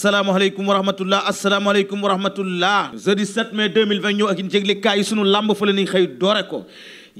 asalaamaaleykum wa rahmatullah asalaamaaleykum wa rahmatullah jeudi 7 mai 2020 ñëw ak yéen yëglekaay yi sunu làmb fa la ñuy xëy doore ko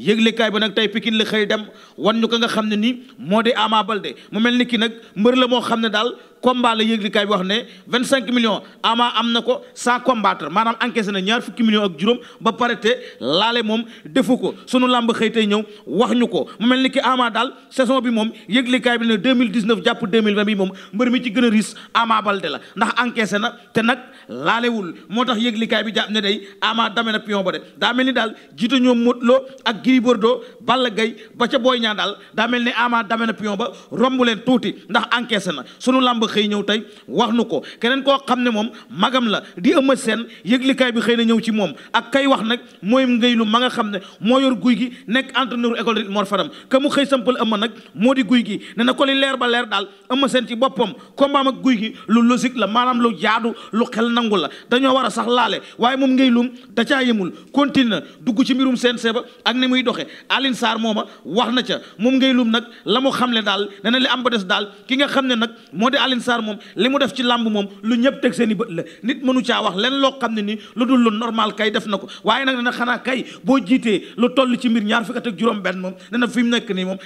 yëglekaay ba nag tey Pikine la xëy dem wan ñu ko nga xam ne nii moo di Ama de mu mel ni ki nag mbër la moo xam ne daal combat la yëglikaay bi wax ne vingt cinq millions ama na ko sans combattre maanaam encaissé na ñaar fukki millions ak juróom ba pare te laale moom defu ko sunu làmb xëy tey ñëw wax ñu ko mu mel ni ki ama daal saison bi moom yëglikaay bi ne 2019 jàpp 2020 bi moom mbër mi ci gën a riis ama balde la ndax encaissé te nag laalewul moo tax yëglikaay bi jàpp ne day ama dame na pion ba de daa mel ni daal jiite ñoom Modou Lo ak Gris Bordeaux Balla Gaye ba ca Boy ñaan daal daa mel ni ama dame na pion ba romb leen tuuti ndax encaissé na sunu làmb xëy ñëw tey wax nu ko keneen koo xam ne moom magam la di ëmma seen yëglikaay bi xëy na ñëw ci moom ak kay wax nag mooy ngay lu ma nga xam ne moo yor guy gi nekk entraîneur école Mor Fadam que mu xëy sampal ëmma nag moo di guy gi ne ko li leer ba leer daal ëmma seen ci boppam combat ak guy gi lu logique la maanaam lu jaadu lu xel nangu la dañoo war a sax laale waaye moom ngay lum da caa yemul continue dugg ci mbirum seen ba ak ni muy doxe alin saar mooma wax na ca moom ngay nag la mu xamle daal ne na li am ba daal Alioune moom li mu def ci làmb moom lu ñëpp teg seen i bët la nit mënu caa wax len loo xam ne ni lu dul lu normal kay def na ko waaye nag dana xanaa kay boo jiitee lu toll ci mbir ñaar fukk ak juróom benn moom dana fi mu nekk nii moom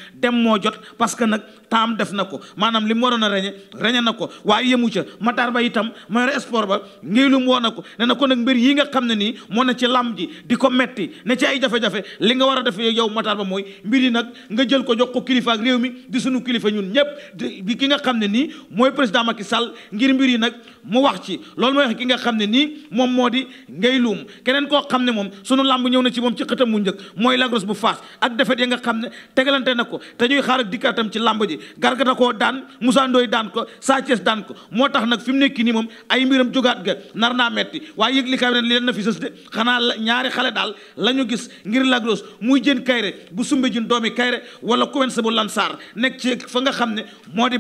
moo jot parce que nag taam def na ko maanaam li mu waroon a reñe reñe na ko waaye yemu ca Matar Ba itam ma yore sport ba ngi lum woo ko ne na ko nag mbir yi nga xam ne nii moo na ci làmb ko metti ne ci ay jafe li nga war a def yow Matar Ba mooy mbir yi nag nga jël ko jox ko kilifa ak mi di kilifa ñun président Macky Sall ngir mbir yi nag mu wax ci loolu mooy xam ne nii moom moo di ngay luum keneen koo xam ne moom su sunu làmb ñëw na ci moom ci xëtam mu njëkk mooy lagros bu faas ak defet ya nga xam ne tegalante na ko te ñuy xaar ak dikkaatam ci làmb ji gargata koo daan Moussa Ndoye daan ko Sa Thiès daan ko moo tax nag fi mu nekk nii moom ay mbiram jógaat ga nar naa metti waaye yëg li kaay bi leen li leen na fi de xanaa ñaari xale daal la ñu gis ngir lagros muy jën kayre bu sumbe jën doomi kayre wala kuwen sa bu lansaar nekk ci fa nga xam ne moo di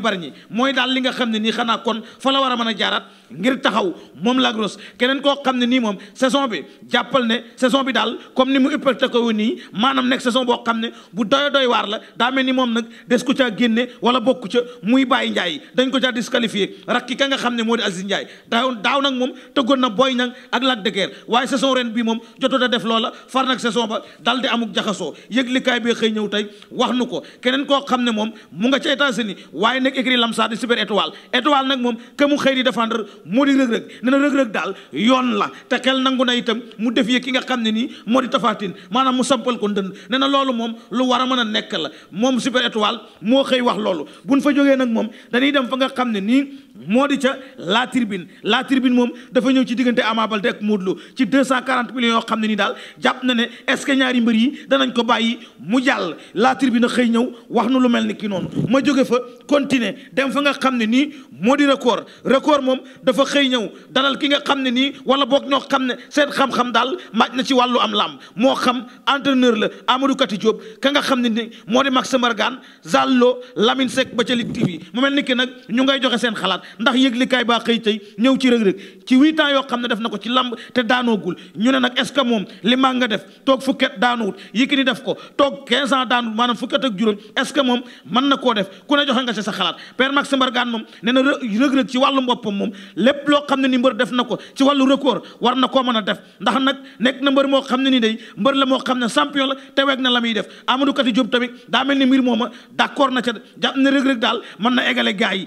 ne nii xanaa kon fa la war a mën a jaaraat ngir taxaw moom Lac Rose keneen koo xam ne nii moom saison bi jàppal ne saison bi daal comme nii mu ëppal te ko nii maanaam nekk saison boo xam ne bu doy doy waar la daa mel ni moom nag des ko caa génne wala bokku ca muy bàyyi njaay dañ ko caa disqualifié rakki ka nga xam ne moo di Aziz Ndiaye daaw daaw nag moom tëggoon na Boy Niang ak Lac de Guiers waaye saison reen bi moom jotoon a def loola far nag saison ba dal di amuk jaxasoo yëglikaay bi xëy ñëw tey wax nu ko keneen koo xam ne moom mu nga ca États-Unis waaye nekk écrit lamsaar di super étoile étoile nag moom que mu xëy di défendre moo di rëg-rëg ne na rëg-rëg daal yoon la te xel nangu na itam mu def defee ki nga xam ne nii moo di tafaatin maanaam mu sampal ko ndënd ne na loolu moom lu war a mën a nekk la moom super étoile moo xëy wax loolu bu buñ fa jógee nag moom dañuy dem fa nga xam ne nii moo di ca la tribune la tribune moom dafa ñëw ci diggante amaabal de ak Modou Lo ci deux cent quarante millions yoo xam ne ni daal jàpp na ne est-ce que ñaari mbër yi danañ ko bàyyi mu jàll la tribune xëy ñëw wax na lu mel ni ki noonu ma jóge fa continuer dem fa nga xam ne nii moo di record record moom dafa xëy ñëw dalal ki nga xam ne nii wala boog ñoo xam ne seen xam-xam daal màcc na ci wàllu am lam moo xam entraîneur la Amadou Kati Diop ka nga xam ne ni moo di Max Margan Zallo Lamine Seck ba ca Ligue TV mu mel ni ki nag ñu ngay joxe seen xalaat ndax yëglikaay baa xëy tey ñëw ci rëg-rëg ci huit xam ne def na ko ci lamb te daanoogul ñu ne nag est ce moom li maa nga def toog fukket daanuwut Yékini def ko toog quinze ans daanuwut maanaam fukket ak juróom est ce que moom mën na koo def ku ne joxe nga ci sa xalaat père Max Mbargane moom ne na rëg-rëg ci wàllu boppam moom lépp loo xam ne ni mbër def na ko ci wàllu record war na koo mën a def ndax nag nekk na mbër moo xam ne ni day mbar la moo xam ne champion la te na la muy def Amadou Kati Diop tamit daa mel ni mbir mooma d'accord na ca jàpp ne mën na égale gars yi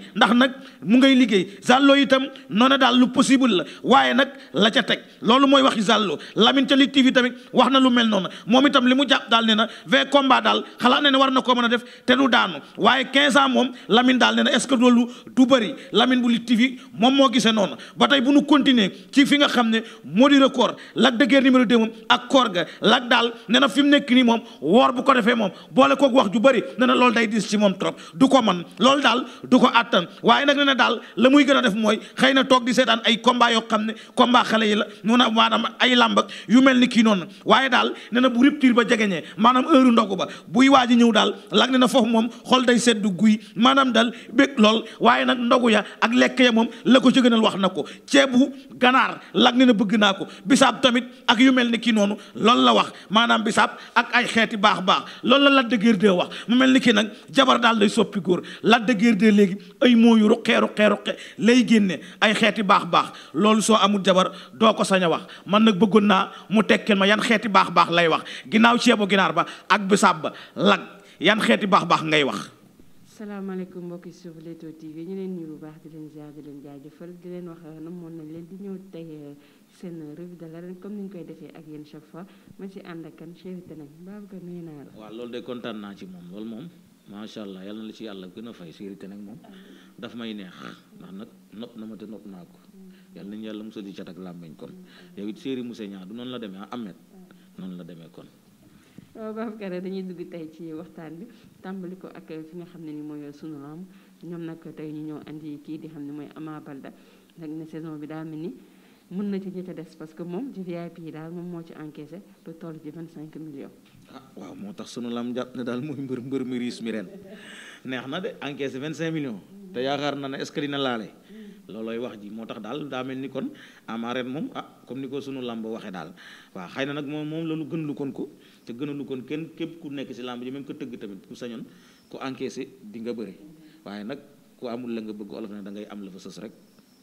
ngay liggéey zàlloo itam noona daal lu possible la waaye nag la ca teg loolu mooy waxi zàlloo Lamine ca Lutte TV tamit wax na lu mel noonu moom itam li mu jàpp daal ne na vingt daal xalaat na ne war na koo mën a def te du daanu waaye quinze ans moom daal ne na est-ce que loolu du bëri Lamine bu Lutte TV moom moo gisee noonu ba tey bu nu continuer ci fi nga xam ne moo di record Lac de Guiers numéro 2 moom ak koor ga Lac daal ne na fi mu nekk nii moom woor bu ko defee moom boole koog wax ju bari ne na loolu day diis ci moom trop du ko man loolu daal du ko attan waaye nag ne daal daal la muy gën a def mooy xëy na toog di seetaan ay combat yoo xam ne combat xale yi la noonu maanaam ay làmb ak yu mel ni kii noonu waaye daal nee na bu rupture ba jegeñee maanaam heure ndogu ba buy waaj a ñëw daal lag ne na foofu moom xol day seddu guy maanaam daal bég lool waaye nag ndogu ya ak lekk ya moom la ko ci gënal wax na ko ceebu ganaar lag ne bëgg naa ko bisaab tamit ak yu mel ni kii noonu loolu la wax maanaam bisaab ak ay xeeti baax baax lool la Lac de Guiers 2 mu mel ni kii nag jabar daal day soppi góor Lac de samay ruqe lay génne ay xeeti baax baax loolu soo amul jabar doo ko sañ a wax man nag bëggoon naa mu tekkil ma yan xeeti baax baax lay wax ginnaaw ceebu ginaar ba ak bisaab ba lag yan xeeti baax baax ngay wax salaamaaleykum mbokki suuf Leewtoo TV ñu leen nuyu bu baax di leen ziar di leen jaajëfal di leen wax eh, namoon nañ leen di ñëw tey eh, seen revue de l'arène comme ni ñu koy defee ak yéen chaque fois ma ci ànd ak kan chéri teneen Babacar nuyu naa loolu de naa ci loolu moom macha allah yal na la ci yàlla gën a fay séerité nag moom daf may neex ndax nag nopp na ma te nopp naa ko yal nañu yàlla musal di cat ak làmmeñ kon yow it séeri Moussa ñaar du noonu la demee ah, amet noonu la demee kon. waaw Babacar dañuy dugg tey ci waxtaan bi tàmbali ko ak fi nga xam ne ni mooy sunu lamb ñoom nag tey ñu ñëw indi kii di xam ne mooy Ama Balde nag ne saison bi daal mel ni mën na ci ñu ca des parce que moom ci VIP yi daal moom moo ci encaissé lu toll ci 25 millions. ah waaw moo tax sunu lam jàpp ne daal mooy mbër mbër mi riis mi ren neex na de encaissé vingt cinq millions te yaakaar na ne est que dina laale loolooy wax ji moo tax daal daa mel ni kon ama ren moom ah comme ni ko sunu làmb waxee daal waaw xay na nag moom la lalu gën lu kon ko te gën kon kenn képp ku nekk si làmb ji même ko tëgg tamit ku sañoon ku encaissé di nga bëre waaye nag ku amul la nga bëgg olof na da ngay am la fa sës rek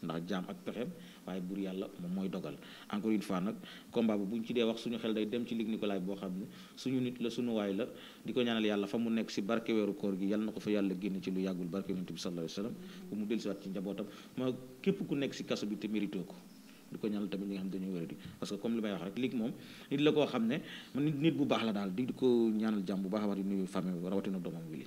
ndax jaam ak pexe waaye buur yàlla moom mooy dogal encore une fois nag combat bu bu ñu ci dee wax suñu xel day dem ci Luc Nicolaï boo xam ne suñu nit la suñu waay ko ñaanal yàlla fa mu nekk si barke weeru koor gi yàlla na ko fa yàlla lu yàggul barke yonent bi sallallahu alayhi wasallam ku nekk si kaso bi te ko di ko ñaanal tamit ñi que comme li may wax rek léegi moom nit la koo xam ne nit bu baax la daal di ko ñaanal jàmm bu baax a baax di nuyu famille rawatina doomam wili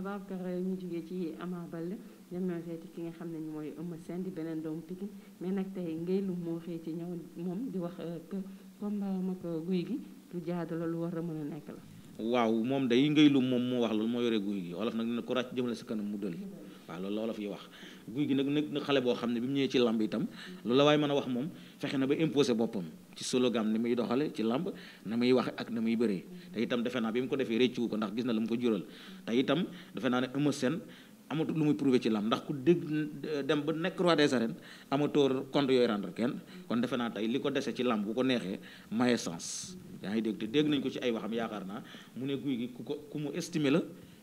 Babacar ñu jógee ci Ama Baldé ñoom ñoo seeti ki nga xam ne mooy Eumeu Sène di beneen doomu Pikine mais nag tey ngay lu moo xëy ci ñëw moom di wax euh, que combat mag euh, guy gi lu jaadu la lu war a mën a nekk la. waaw moom day ngay lu moom moo wax loolu moo yore guy gi olof nag ne ku ràcc jëmale sa kanam mu dëli waaw loolu la olof yi wax guy gi nag nekk na xale boo xam ne bi mu ñëwee ci lamb itam loolu la waaye mën a wax moom fexe na ba imposé boppam ci slogan ni muy doxale ci làmb na muy waxe ak na muy bëree te itam defe naa bi mu ko defee réccu ko ndax gis na la mu ko jural te itam defe naa ne Eumeu Sène amatul lu muy prouvé ci làmb ndax ku dégg euh, dem ba nekk roi des arènes amator compte yooyu rendre kenn kon defe naa tey li ko dese ci làmb bu ko neexee maye sens yaa ngi dégg te dégg nañ ko ci ay waxam yaakaar naa mu ne ku ko ku mu estimé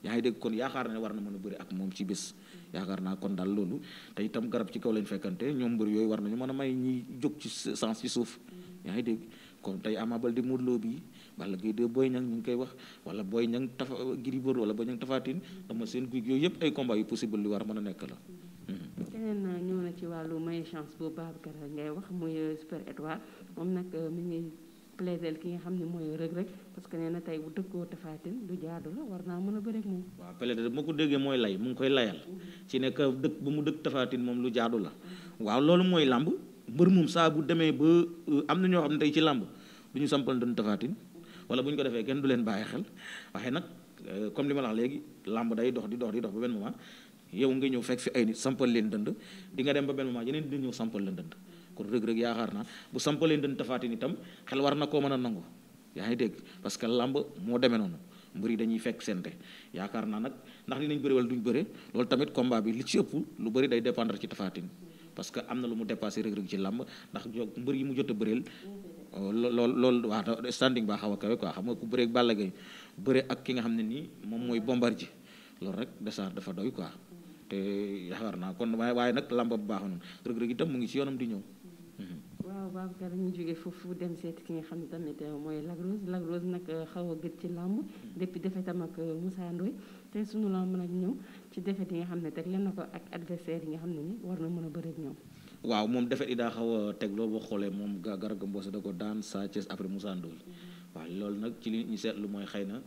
yaa ngi dégg kon yaakaar na ne war na mën a bëri ak moom ci bés yaakaar naa kon daal loolu te itam garab ci kaw lañ fekkante ñoom mbër yooyu war nañu mën a may ñuy jóg ci sens ci suuf yaa ngi dégg kon tey Ama Baldé Modou Lô bi Balla Gaye 2 booy Niang ñu ngi koy wax wala booy Niang tafa Gris Bordeaux wala Boy Niang Tapha dama seen guy yooyu yëpp ay combat yu possible li war a mën a nekk la. keneen ñëw na ci wàllu may chance boobu Babacar ngay wax muy euh, super étoile moom nag euh, mi ngi plaisel ki nga xam ne mooy Reug Reug parce que nee na tey bu dëkkoo Tapha Tine du jaadu la war naa mën a bëre ak moom. waaw ko déggee mooy lay mu ngi koy layal ci nekk dëkk bu mu dëkk Tapha moom lu jaadu la waaw loolu mooy làmb. mbër moom saa bu demee ba euh, am na ñoo xam ne tey ci làmb du ñu sampal ndënd tafaatin wala bu ñu ko defee kenn du leen bàyyi xel waaye nag euh, comme li ma la léegi làmb day dox di dox di dox ba benn ma yow nga ñëw fekk fi ay nit sampal leen dënd di nga dem ba benn moment yeneen dina ñëw sampal leen dënd kon rëg-rëg yaakaar naa bu sampal leen dënd tafaatin itam xel war na koo mën a nangu yaa ngi dégg parce que làmb moo demee noonu mbër yi dañuy fekk sente yaakaar naa nag ndax dinañ bëri wala duñ bëre loolu tamit combat bi li ci ëpp lu bëri day dépendre ci tafaatin parce que am na lu mu dépassé Reug Reug ci làmb ndax mbër yi mu jot a bëreel euh, lool loolu waa standing baa xaw a kawe quoi xam nga ku bëree ak Balla Gaye bëre ak ki nga xam ne nii moom mooy Bombardier loolu rek desaar dafa doy quoi te yaakaar naa kon waaye waaye nag làmb bu baax noonu Reug Reug itam mu ngi ci yoonam di ñëw waaw Babacar ñu jógee foofu dem seet ki nga xam ne tamit euh, mooy Lac Rose Lac Rose nag euh, xaw a gëj ci làmb depuis defetam ak euh, Moussa Ndoye tey sunu làmb nag ñëw ci defet yi nga xam ne teg leen na ko ak adversaire yi nga xam ne ni war na mën a bëreeg ñoom waaw moom defet yi daa xaw a teg loolu boo xoolee moom ga Garga Mbossé da ko daan Sa Thiès après Moussa Ndoye mm-hmm. waaw loolu nag ci li ñu seetlu mooy xëy na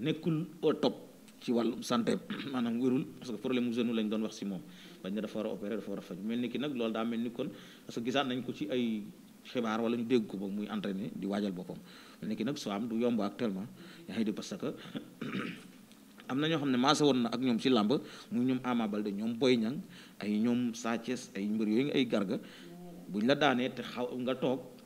nekkul au top ci wàllum santé maanaam wérul parce que problème mu genou lañ doon wax si moom bañ ne dafa war a opéré dafa war a faj mel ni nag loolu daa mel ni kon parce que gisaat nañ ko ci ay xibaar wala ñu dégg ko ba muy entraîné di waajal boppam mel ni nag soo am du yomb actuellement yaa ngi di parce que am na ñoo xam ne maase woon na ak ñoom ci làmb muy ñoom Ama Baldé ñoom Boy Niang ay ñoom Sa ay mbër yooyu ay garga buñ la daanee te xaw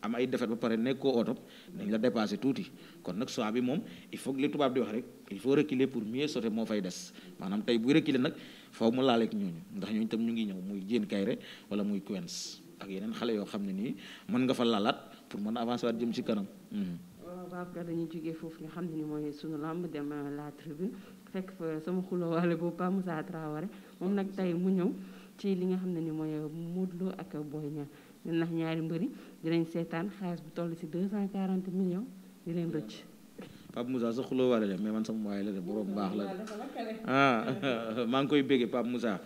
am ay defet ba pare nekkoo oto dañ la dépassé tuuti kon nag soit bi moom il faut que tubaab di wax rek il faut pour mieux sauter moo fay des maanaam tey buy reculer nag faw mu laaleeg ñooñu ndax ñooñu tam ñu ngi ñëw muy Diène Kaïré wala muy Quench ak yeneen xale yoo xam ne nii mën nga fa laalaat pour mën a avancer waat jëm ci kanam. Hmm. Babacar dañuy jógee foofu nga xam ne mooy sunu lamb dem la tribune fekk fa sama xuloo waale boobu Pa Moussa Traoré moom nag tey mu ñëw ci li nga xam ne ni mooy Modou Lo ak Boy Niang di nax ñaari mbëri dinañ seetaan xaalis bu toll ci 240 millions di leen rëcc. Pape Moussa sa xuloo war a dem mais man sama waay la de borom baax la ah maa ngi koy béggee Pape Moussa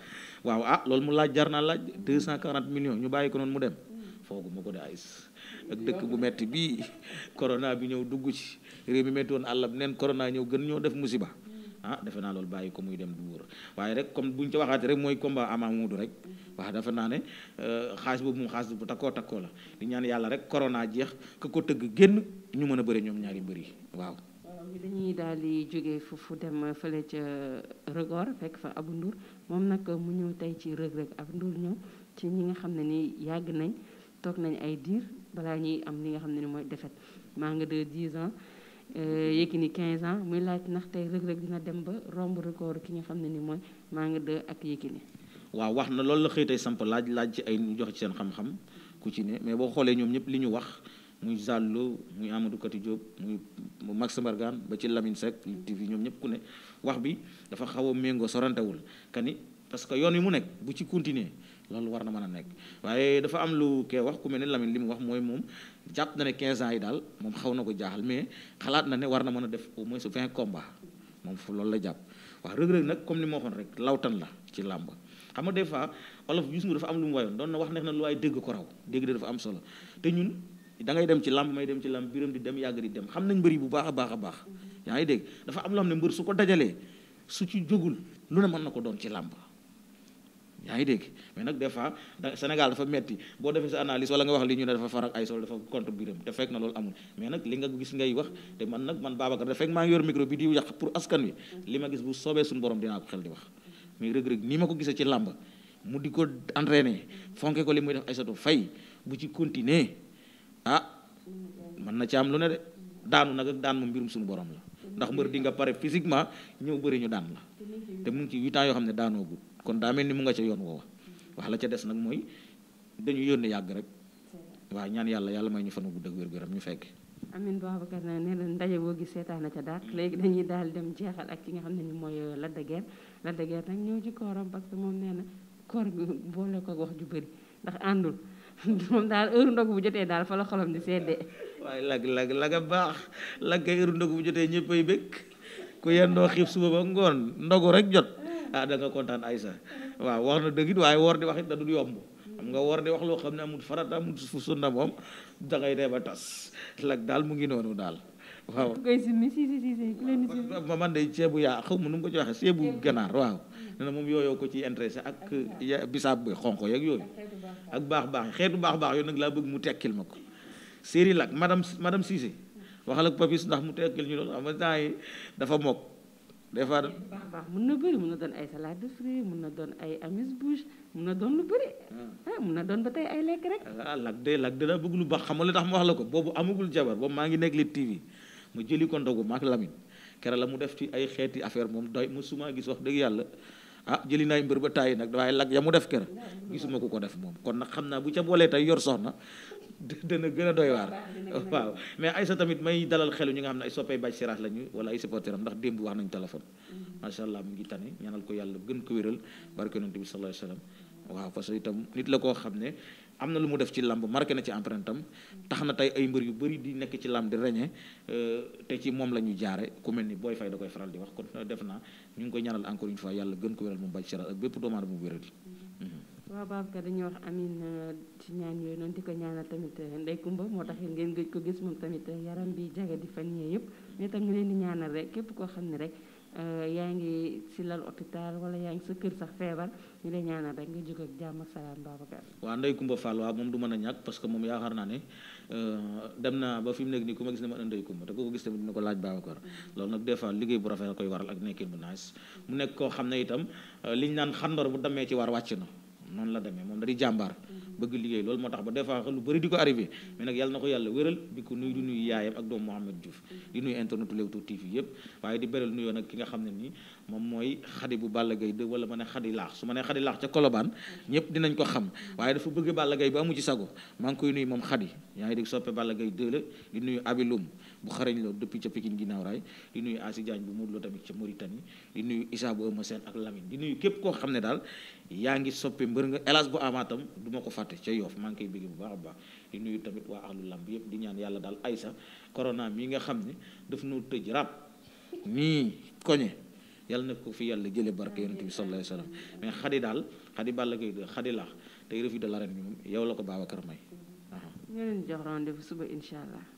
waaw ah loolu mu laaj jar naa laaj 240 millions ñu bàyyi ko noonu mu dem foogu ma ko ay ayis ak dëkk bu metti bii corona bi ñëw dugg ci réew mi metti woon àll bi neen corona ñëw gën ñoo def musiba. ah defe naa loolu bàyyi ko muy dem du wóor waaye rek comme bu ñu ci waxaatee rek mooy combat Ama Modou rek wax defe naa ne euh, xaalis boobu moom xaalis bu takkoo takkoo la di ñaan yàlla rek corona jeex ku ko tëgg génn ñu mën a bëri ñoom ñaari bëri waaw. dañuy daal di jógee foofu dem fële ca record fekk fa Abou Ndour moom nag mu ñëw tey ci Reug Reug Abou Ndour ñëw ci ñi nga xam ne ni yàgg nañ toog nañ ay diir balaa ñuy am li nga xam ne ni mooy defet maa nga de 10 ans. Euh, Yékini 15 ans muy laaj ndax tey rëg-rëg dina dem ba romb record ki nga xam ne ni mooy Manga 2 ak Yékini waaw wax na loolu la xëy tey samp laaj laaj ci ay ñu joxe ci seen xam-xam ku ci ne mais boo xoolee ñoom ñëpp li ñu wax muy Zallo muy Amadou Kati Diop muy Max Mbargane ba ci Lamine Seck TV ñoom ñëpp ku ne wax bi dafa xaw a méngoo sorantewul kani parce que yoon wi mu nekk bu ci continuer loolu war na mën a nekk waaye dafa am lu kee wax ku mel ne Lamine li mu wax mooy moom jàpp na ne 15 ans yi daal moom xaw na ko jaaxal mais xalaat na ne war na mën a def au moins 20 combats moom fu loolu la jàpp waaw rëg-rëg nag comme olof Youssou Ndour dafa am lu mu wayoon doon na wax neex na lu waaye dégg ko raw dégg dafa am solo te ñun da dem ci làmb may dem ci làmb biram di dem yàgg di dem xam nañ mbëri bu baax a baax a baax yaa ngi dégg dafa am loo xam ne mbër yaa ngi dégg mais nag des fois Sénégal dafa metti boo defee sa analyse wala nga wax li ñu ne dafa far ak ay sol dafa contre biram te fekk na loolu amul mais nag li nga gis ngay wax te man nag man Babacar da fekk maa ngi yor micro bi di yàq pour askan wi li ma gis bu soobee suñu borom dinaa ko xel di wax mais rëg-rëg ni ma ko gisee ci làmb mu di ko entraîné fonke ko li muy def ay satu fay bu ci continuer ah mën na ci am lu ne de daanu nag ak daan moom mbirum suñu borom la ndax mbër di nga pare physiquement ñëw bëri ñu daan la te mu ngi ci yoo xam ne daanoo gudd kon daa mel ni mu nga ca yoon woowa wax la ca des nag mooy dañu yónni yàgg rek waa ñaan yàlla yàlla may ñu fan gudd ak wér-gu-yaram ñu fekk amin Babacar na ne la ndaje boo gis seetaan na ca daal léegi dañuy daal dem jeexal ak ki nga xam ne ni mooy euh, Lac de Guiers Lac de Guiers nag ñëw ci kooram parce que moom nee na koor bi boole ko wax ju bëri ndax àndul moom daal heure ndogu bu jotee daal fa waaye lag lag laga baax lag kay heure ndogu bu jotee ñëppay bëgg ku yendoo xiif suba ba ngoon ndogu rek jot ah da nga kontaan ay sa waaw wax na dëgg waaye woor di wax it da dul yomb xam nga woor di wax loo xam ne amul farata amul na moom da ngay dee ba tas lag daal mu ngi noonu daal waaw man de ceebu yaa xaw ma nu mu ko ci waxee ceebu ganaar waaw ne na moom yooyoo ko ci intéressé ak bisaab bi xonq yeeg yooyu ak baax baax xeetu baax baax Cyril ak madame madame Cissé waxal ak papis ndax mu tekkil ñu loolu xam nga temps dafa mokk des fois. baax baax mun na bëri mun na doon ay salade de na doon ay amuse-bouche na doon lu ah. Ah, na doon ba ay lekk rek. ah lak de lak lu baax xam nga li tax wax la ko boobu amagul jabar boobu maa ngi nekk ma jëli ko ndogu maak Lamine kera la mu def ci ay xeeti affaire moom doy musuma gis dëgg yàlla. ah jëli naay mbër ba tàyyi nag waaye lag ya mu def kër gisuma ku ko def moom kon nag xam naa bu ca boolee tey yor soxna dana gën a doy waar waaw mais Aïssa tamit may dalal xelu ñi nga xam ne ay soppee Bathie Seras lañu wala ay supporteram ndax démb wax nañu téléphone mm-hmm. macha allah mu ngi tane ñaanal ko yàlla gën ko wéral barke yonent bi sallallahu alayhi wasallam itam nit la koo xam ne am na lu mu def ci làmb marqué na ci empreinte mm-hmm. tax na tey ay mbër yu bëri di nekk ci làmb di reñe euh, te ci moom la ñu jaare ku mel ni Boy Faye da koy faral di wax kon def naa ñu ngi koy ñaanal encore une fois yàlla gën ko wéral moom Bathie Seras ak bépp doomu aadama bu wéral mm-hmm. waaw Babacar dañuy wax amin euh, ci ñaan yooyu noonu di ko ñaanal tamit euh, Ndey Kumba moo tax ngeen gëj ko gis moom tamit euh, yaram bi jaga di fan yee yëpp mais tam ñu leen di ñaanal rek képp koo xam ne rek yaa ngi si lal hôpital wala yaa ngi sa sax feebar ñu lay ñaanal rek nga jóg ak jàmm ak salaam Babacar. waaw Ndey Kumba Fall waaw moom du mën a ñàkk parce que moom yaakaar naa ne dem na ba fi nekk nii ku ma gis ne ma Ndey Kumba te ku ko gis tamit laaj Babacar mm-hmm. loolu nag bu rafet la koy waral ak nekkin bu mu nekk koo xam ne itam liñ naan xandor bu demee ci war wàcc na noonu la demee moom dari jàmbaar bëgg liggéey loolu moo tax ba des fois lu bëri di ko arrivé mais nag yàlla na ko yàlla wéral di ko nuy di nuy yaayam ak doomu Mouhamed Diouf di nuy internetu Leewtoo TV yëpp waaye di beral nuyoo nag ki nga xam ne nii moom mooy xadi bu Balla gay de wala ma ne xadi laax su ma ne xadi laax ca Colobane ñëpp dinañ ko xam waaye dafa bëgg Balla gay ba amu ci sago maa ngi koy nuyu moom xadi yaa ngi dégg soppe Balla Gaye de la nuyu abi lum bu depuis ca Pikine ginnaaw raay nuyu Asi Diagne bu Modou Lo tamit ca Mauritanie di nuyu Issa bu Eumeu Sène ak Lamine di nuyu képp koo xam ne daal yaa ngi soppe mbër nga hélas bu amaatam du ma ko fàtte ca Yoff maa ngi bu baax a baax di nuyu tamit waa ahlu lamb yëpp di ñaan yàlla daal ay aysa corona mi nga xam ne dafa noo tëj rab nii koñe yàlla na ko fi yàlla jële barke yonent bi sallallahu alayhi wasallam mais xadi daal xadi bàll koy xadi laax tey revue de l'arène bi moom yow la ko Babacar may ñu leen jox rendez-vous suba incha